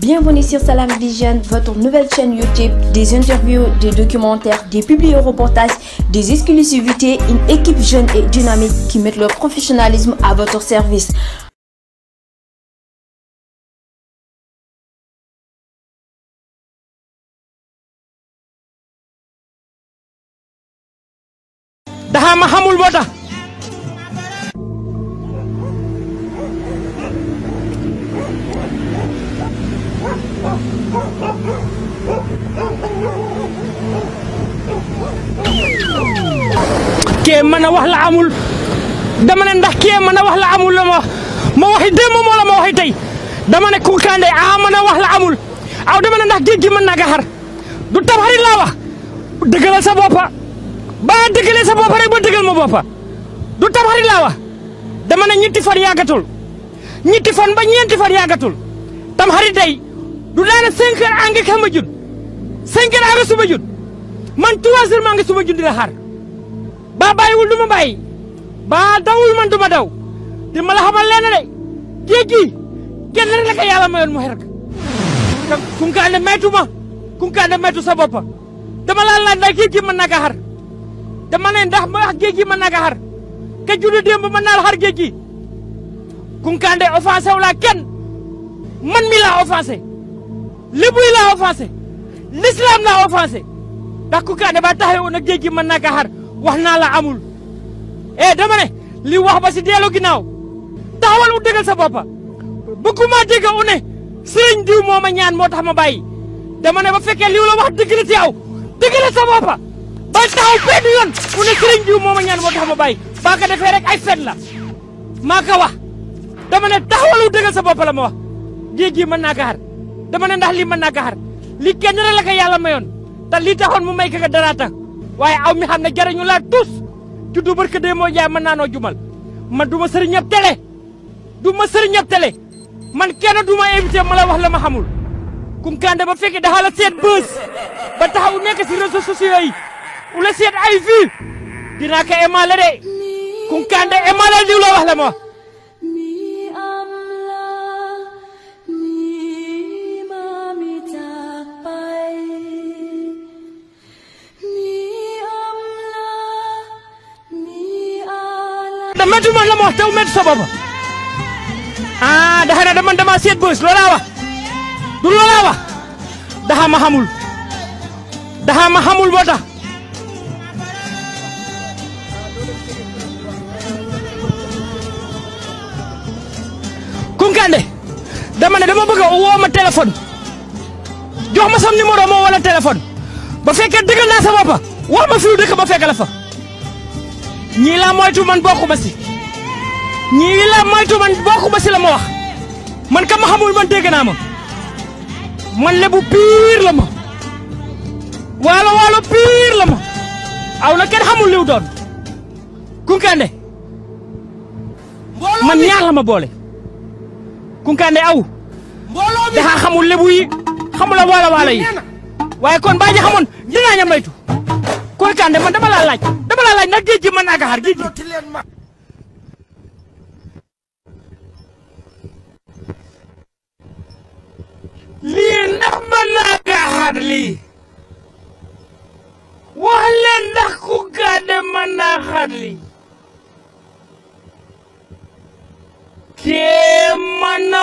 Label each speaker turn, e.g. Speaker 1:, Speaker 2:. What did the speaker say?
Speaker 1: Bienvenue sur Salam Vision, votre nouvelle chaîne YouTube, des interviews, des documentaires, des publi-reportages, des exclusivités, une équipe jeune et dynamique qui met leur professionnalisme à votre service. Dama xamul moo tax kee man a wax la amul dama ne ndax kee mën a wax amul la ma wax ma waxi démb moo la ma waxi tey dama ne Koukandé a mën a wax la amul aw dama ne ndax géej gi mën naa gaxar du tamxarit laa wax dëggalal sa boppa ba dëggalee sa boppa rek boo dëggal ma boppa du tamxarit laa wax dama ne ñetti fan yàggatul ñetti fan ba ñeenti fan yàggatul tamxarit day du daana ne heures angi xam ma angi suba man trois heures maa ngi suba jut di la xaar baa bàyyiwul du ma bàyyi baa dawul man du daw di ma la de géej kenn rek la ko yàlla mayoon mu xerk te kunkaande maytu ma kunkaande maytu sa boppa dama laa mën naa ko xar dama ndax ma wax géej naa ko xar ka juddu démb mën naa xar géej gi kunkaande laa kenn man mi laa offensé lébu laa offensé l'islam laa offensé ndax kunkaande ba taxawee woon ak géej gi naa ko xar wax naa la amul eh dama ne li wax ba si deelu ginnaaw taxawal u dëggal sa boppa bëgguma dégg sëriñ diw moo ma ñaan moo tax ma bàyyi dama ne ba fekkee liw la wax dëgg la ci yow dëgg la sa ba taxaw benn yoon sëriñ diw moo ma moo tax ma baa ko rek ay fen la maa ko wax dama ne taxawal u dëggal sa boppa la ma wax géej gi mën naa ko dama ne ndax lii mën naa ko xar li kenn rek lii taxoon mu may ko waaye aw mi xam na jariñu laa tus juddu barke dee moo jaay mën naa noo jumal man du ma sëriñ ab télé du ma sëriñ ab man kenn du ma invité ma la wax la ma xamul Kounkandé ba fekkee daxa la seet bës ba taxaw ay vues dinaa ko émalé de Kounkandé émalé diw la wax la ma métti man ma wax taw métti sa bopp ah daxa na dama dama seet bës loolaa wax du loolaa wax daxa ma xamul daxa ma xamul boo tax Kunkande dama ne dama bëgg a woo ma téléphone jox ma sam numéro moo wala téléphone ba fekkee dëggal naa sa bopp woo ma fi dëkk ba fekk la fa. ñii la moytu man bokku ma si ñii la moytu man bokku ma si la ma wax man ka ma xamul man dégg naa man lebu piir la ma waalo waalo piir la ma aw na kenn xamul liw doon kunkande man ñaar la ma boole kunkande aw daxaa xamul lebu yi xamula waalo waalo yi waaye kon baa ji xamoon dinaa maytu Koy Kandé man naa ko xar lii wax leen ndax ku Kandé naa xar lii. kee mën na